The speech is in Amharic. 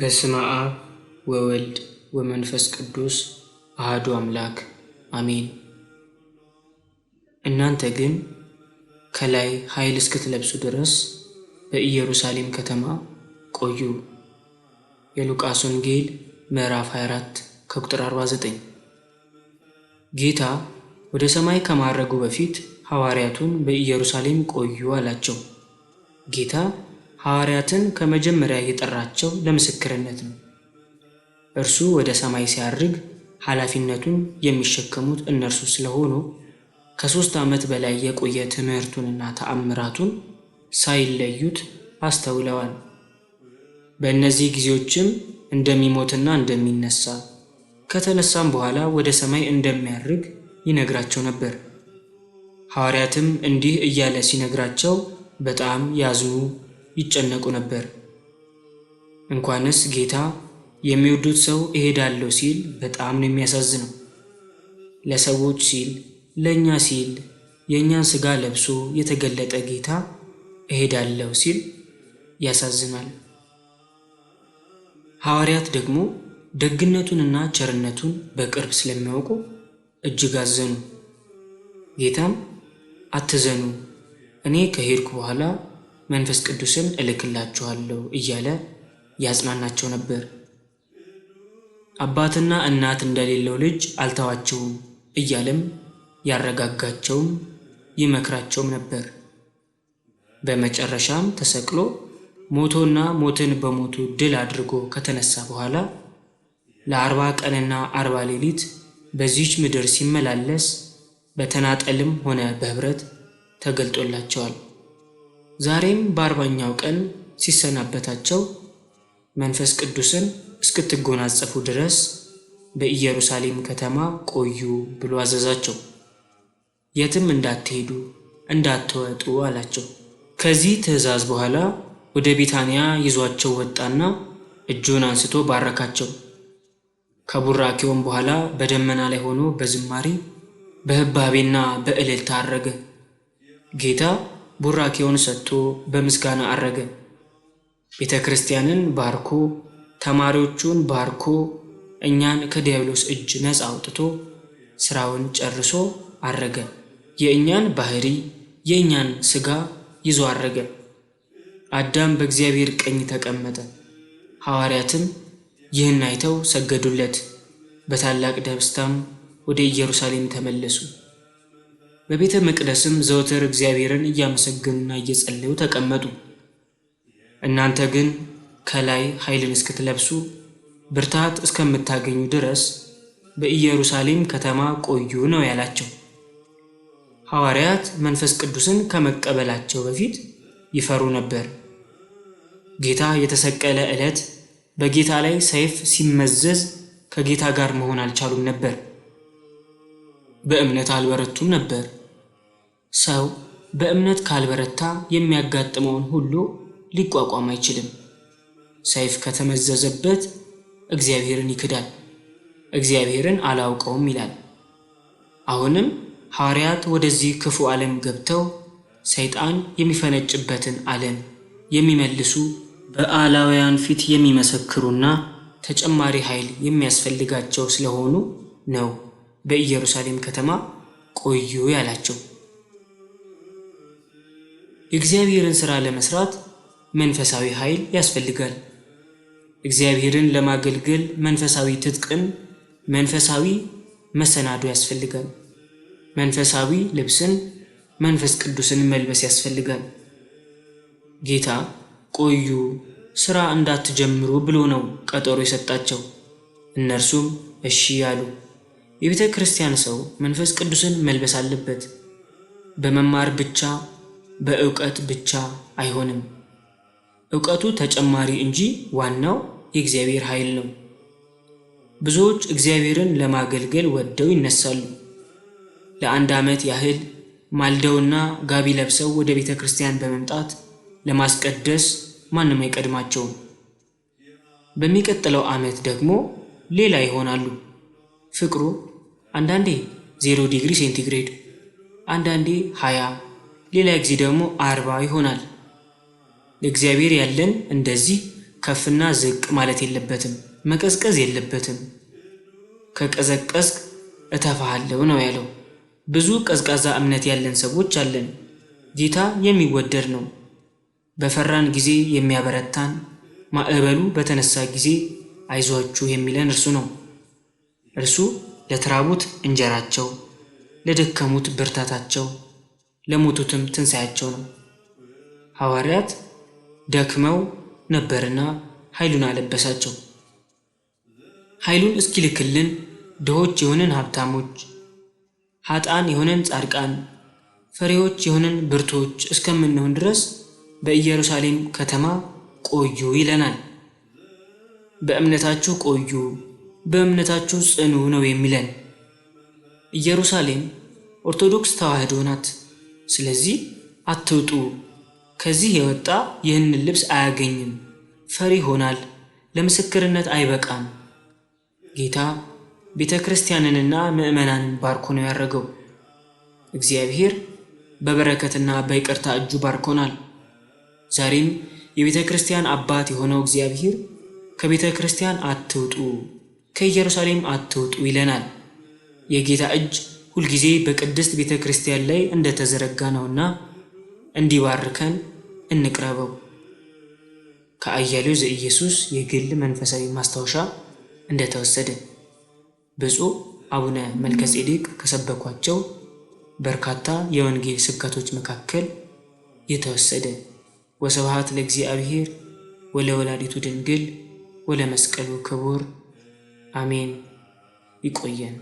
በስመ አብ ወወልድ ወመንፈስ ቅዱስ አህዱ አምላክ አሜን። እናንተ ግን ከላይ ኃይል እስክትለብሱ ድረስ በኢየሩሳሌም ከተማ ቆዩ። የሉቃስ ወንጌል ምዕራፍ 24 ከቁጥር 49። ጌታ ወደ ሰማይ ከማረጉ በፊት ሐዋርያቱን በኢየሩሳሌም ቆዩ አላቸው። ጌታ ሐዋርያትን ከመጀመሪያ የጠራቸው ለምስክርነት ነው። እርሱ ወደ ሰማይ ሲያርግ ኃላፊነቱን የሚሸከሙት እነርሱ ስለሆኑ ከሦስት ዓመት በላይ የቆየ ትምህርቱንና ተአምራቱን ሳይለዩት አስተውለዋል። በእነዚህ ጊዜዎችም እንደሚሞትና እንደሚነሳ ከተነሳም በኋላ ወደ ሰማይ እንደሚያርግ ይነግራቸው ነበር። ሐዋርያትም እንዲህ እያለ ሲነግራቸው በጣም ያዝኑ ይጨነቁ ነበር። እንኳንስ ጌታ የሚወዱት ሰው እሄዳለሁ ሲል በጣም ነው የሚያሳዝነው። ለሰዎች ሲል ለእኛ ሲል የእኛን ሥጋ ለብሶ የተገለጠ ጌታ እሄዳለሁ ሲል ያሳዝናል። ሐዋርያት ደግሞ ደግነቱንና ቸርነቱን በቅርብ ስለሚያውቁ እጅግ አዘኑ። ጌታም አትዘኑ፣ እኔ ከሄድኩ በኋላ መንፈስ ቅዱስን እልክላችኋለሁ እያለ ያጽናናቸው ነበር። አባትና እናት እንደሌለው ልጅ አልተዋቸውም እያለም ያረጋጋቸውም ይመክራቸውም ነበር። በመጨረሻም ተሰቅሎ ሞቶና ሞትን በሞቱ ድል አድርጎ ከተነሳ በኋላ ለአርባ ቀንና አርባ ሌሊት በዚህች ምድር ሲመላለስ በተናጠልም ሆነ በህብረት ተገልጦላቸዋል። ዛሬም በአርባኛው ቀን ሲሰናበታቸው መንፈስ ቅዱስን እስክትጎናጸፉ ድረስ በኢየሩሳሌም ከተማ ቆዩ ብሎ አዘዛቸው። የትም እንዳትሄዱ እንዳትወጡ አላቸው። ከዚህ ትእዛዝ በኋላ ወደ ቢታንያ ይዟቸው ወጣና እጁን አንስቶ ባረካቸው። ከቡራኪውን በኋላ በደመና ላይ ሆኖ በዝማሬ በህባቤና በእልል ታረገ ጌታ ቡራኬውን ሰጥቶ በምስጋና አረገ። ቤተ ክርስቲያንን ባርኮ ተማሪዎቹን ባርኮ እኛን ከዲያብሎስ እጅ ነፃ አውጥቶ ስራውን ጨርሶ አረገ። የእኛን ባህሪ የእኛን ስጋ ይዞ አረገ። አዳም በእግዚአብሔር ቀኝ ተቀመጠ። ሐዋርያትም ይህን አይተው ሰገዱለት። በታላቅ ደስታም ወደ ኢየሩሳሌም ተመለሱ። በቤተ መቅደስም ዘወትር እግዚአብሔርን እያመሰገኑና እየጸለዩ ተቀመጡ። እናንተ ግን ከላይ ኃይልን እስክትለብሱ ብርታት እስከምታገኙ ድረስ በኢየሩሳሌም ከተማ ቆዩ ነው ያላቸው። ሐዋርያት መንፈስ ቅዱስን ከመቀበላቸው በፊት ይፈሩ ነበር። ጌታ የተሰቀለ ዕለት በጌታ ላይ ሰይፍ ሲመዘዝ ከጌታ ጋር መሆን አልቻሉም ነበር። በእምነት አልበረቱም ነበር። ሰው በእምነት ካልበረታ የሚያጋጥመውን ሁሉ ሊቋቋም አይችልም። ሰይፍ ከተመዘዘበት እግዚአብሔርን ይክዳል፣ እግዚአብሔርን አላውቀውም ይላል። አሁንም ሐዋርያት ወደዚህ ክፉ ዓለም ገብተው ሰይጣን የሚፈነጭበትን ዓለም የሚመልሱ በአላውያን ፊት የሚመሰክሩና ተጨማሪ ኃይል የሚያስፈልጋቸው ስለሆኑ ነው በኢየሩሳሌም ከተማ ቆዩ ያላቸው። የእግዚአብሔርን ሥራ ለመስራት መንፈሳዊ ኃይል ያስፈልጋል። እግዚአብሔርን ለማገልገል መንፈሳዊ ትጥቅን፣ መንፈሳዊ መሰናዶ ያስፈልጋል። መንፈሳዊ ልብስን፣ መንፈስ ቅዱስን መልበስ ያስፈልጋል። ጌታ ቆዩ ሥራ እንዳትጀምሩ ብሎ ነው ቀጠሮ የሰጣቸው። እነርሱም እሺ አሉ። የቤተ ክርስቲያን ሰው መንፈስ ቅዱስን መልበስ አለበት። በመማር ብቻ በእውቀት ብቻ አይሆንም። እውቀቱ ተጨማሪ እንጂ ዋናው የእግዚአብሔር ኃይል ነው። ብዙዎች እግዚአብሔርን ለማገልገል ወደው ይነሳሉ። ለአንድ ዓመት ያህል ማልደውና ጋቢ ለብሰው ወደ ቤተ ክርስቲያን በመምጣት ለማስቀደስ ማንም አይቀድማቸውም። በሚቀጥለው ዓመት ደግሞ ሌላ ይሆናሉ። ፍቅሩ አንዳንዴ ዜሮ ዲግሪ ሴንቲግሬድ፣ አንዳንዴ 20 ሌላ ጊዜ ደግሞ አርባ ይሆናል። ለእግዚአብሔር ያለን እንደዚህ ከፍና ዝቅ ማለት የለበትም፣ መቀዝቀዝ የለበትም። ከቀዘቀዝ እተፋሃለሁ ነው ያለው። ብዙ ቀዝቃዛ እምነት ያለን ሰዎች አለን። ጌታ የሚወደድ ነው። በፈራን ጊዜ የሚያበረታን፣ ማዕበሉ በተነሳ ጊዜ አይዟችሁ የሚለን እርሱ ነው። እርሱ ለተራቡት እንጀራቸው፣ ለደከሙት ብርታታቸው ለሞቱትም ትንሣያቸው ነው። ሐዋርያት ደክመው ነበርና ኃይሉን አለበሳቸው። ኃይሉን እስኪልክልን ድሆች የሆንን ሀብታሞች፣ ሀጣን የሆንን ጻድቃን፣ ፈሪዎች የሆንን ብርቶች እስከምንሆን ድረስ በኢየሩሳሌም ከተማ ቆዩ ይለናል። በእምነታችሁ ቆዩ፣ በእምነታችሁ ጽኑ ነው የሚለን። ኢየሩሳሌም ኦርቶዶክስ ተዋሕዶ ናት። ስለዚህ አትውጡ፣ ከዚህ የወጣ ይህንን ልብስ አያገኝም፣ ፈሪ ይሆናል፣ ለምስክርነት አይበቃም። ጌታ ቤተ ክርስቲያንንና ምእመናንን ባርኮ ነው ያደረገው። እግዚአብሔር በበረከትና በይቅርታ እጁ ባርኮናል። ዛሬም የቤተ ክርስቲያን አባት የሆነው እግዚአብሔር ከቤተ ክርስቲያን አትውጡ፣ ከኢየሩሳሌም አትውጡ ይለናል። የጌታ እጅ ሁልጊዜ በቅድስት ቤተ ክርስቲያን ላይ እንደተዘረጋ ነውና እንዲባርከን እንቅረበው። ከአያሌው ዘኢየሱስ የግል መንፈሳዊ ማስታወሻ እንደተወሰደ ብፁዕ አቡነ መልከጼዴቅ ከሰበኳቸው በርካታ የወንጌል ስብከቶች መካከል የተወሰደ። ወስብሐት ለእግዚአብሔር ወለወላዲቱ ድንግል ወለመስቀሉ ክቡር አሜን። ይቆየን።